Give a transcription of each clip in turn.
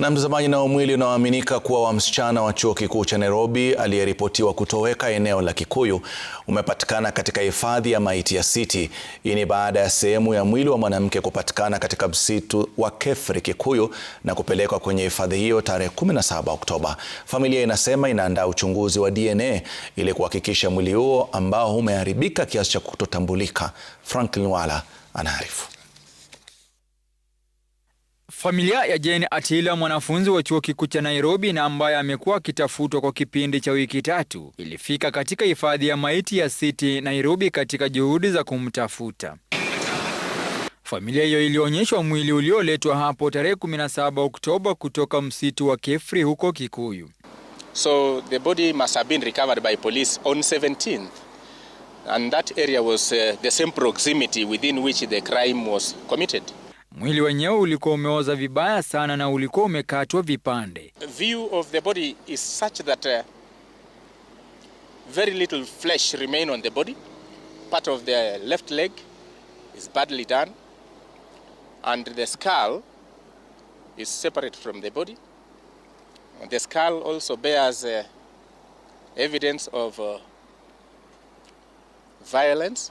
Na mtazamaji, nao mwili unaoaminika kuwa wa msichana wa chuo kikuu cha Nairobi aliyeripotiwa kutoweka eneo la Kikuyu umepatikana katika hifadhi ya maiti ya City. Hii ni baada ya sehemu ya mwili wa mwanamke kupatikana katika msitu wa Kefri, Kikuyu na kupelekwa kwenye hifadhi hiyo tarehe 17 Oktoba. Familia inasema inaandaa uchunguzi wa DNA ili kuhakikisha mwili huo ambao umeharibika kiasi cha kutotambulika. Franklin Wala anaarifu. Familia ya Jane Atila, mwanafunzi wa chuo kikuu cha Nairobi na ambaye amekuwa akitafutwa kwa kipindi cha wiki tatu, ilifika katika hifadhi ya maiti ya City Nairobi katika juhudi za kumtafuta. Familia hiyo ilionyeshwa mwili ulioletwa hapo tarehe 17 Oktoba kutoka msitu wa Kefri huko Kikuyu. So the body must have been recovered by police on 17th and that area was uh, the same proximity within which the crime was committed. Mwili wenyewe ulikuwa umeoza vibaya sana na ulikuwa umekatwa vipande. View of the body is such that uh, very little flesh remain on the body. Part of the left leg is badly done and the skull is separate from the body. The skull also bears uh, evidence of uh, violence.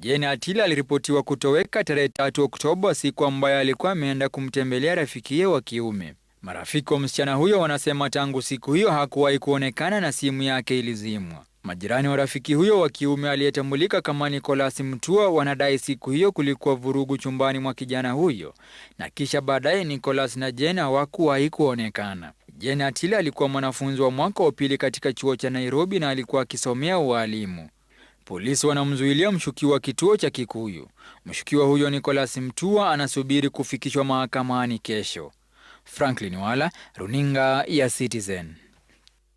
Jane Atila aliripotiwa kutoweka tarehe 3 Oktoba, siku ambayo alikuwa ameenda kumtembelea rafikiye wa kiume. Marafiki wa msichana huyo wanasema tangu siku hiyo hakuwahi kuonekana na simu yake ilizimwa. Majirani wa rafiki huyo wa kiume aliyetambulika kama Nicolas Mtua wanadai siku hiyo kulikuwa vurugu chumbani mwa kijana huyo, na kisha baadaye Nicolas na Jane hawakuwahi kuonekana. Jane Atila alikuwa mwanafunzi wa mwaka wa pili katika chuo cha Nairobi na alikuwa akisomea ualimu. Polisi wanamzuilia mshukiwa kituo cha Kikuyu. Mshukiwa huyo Nicolas Mtua anasubiri kufikishwa mahakamani kesho. Franklin Wala, runinga ya Citizen.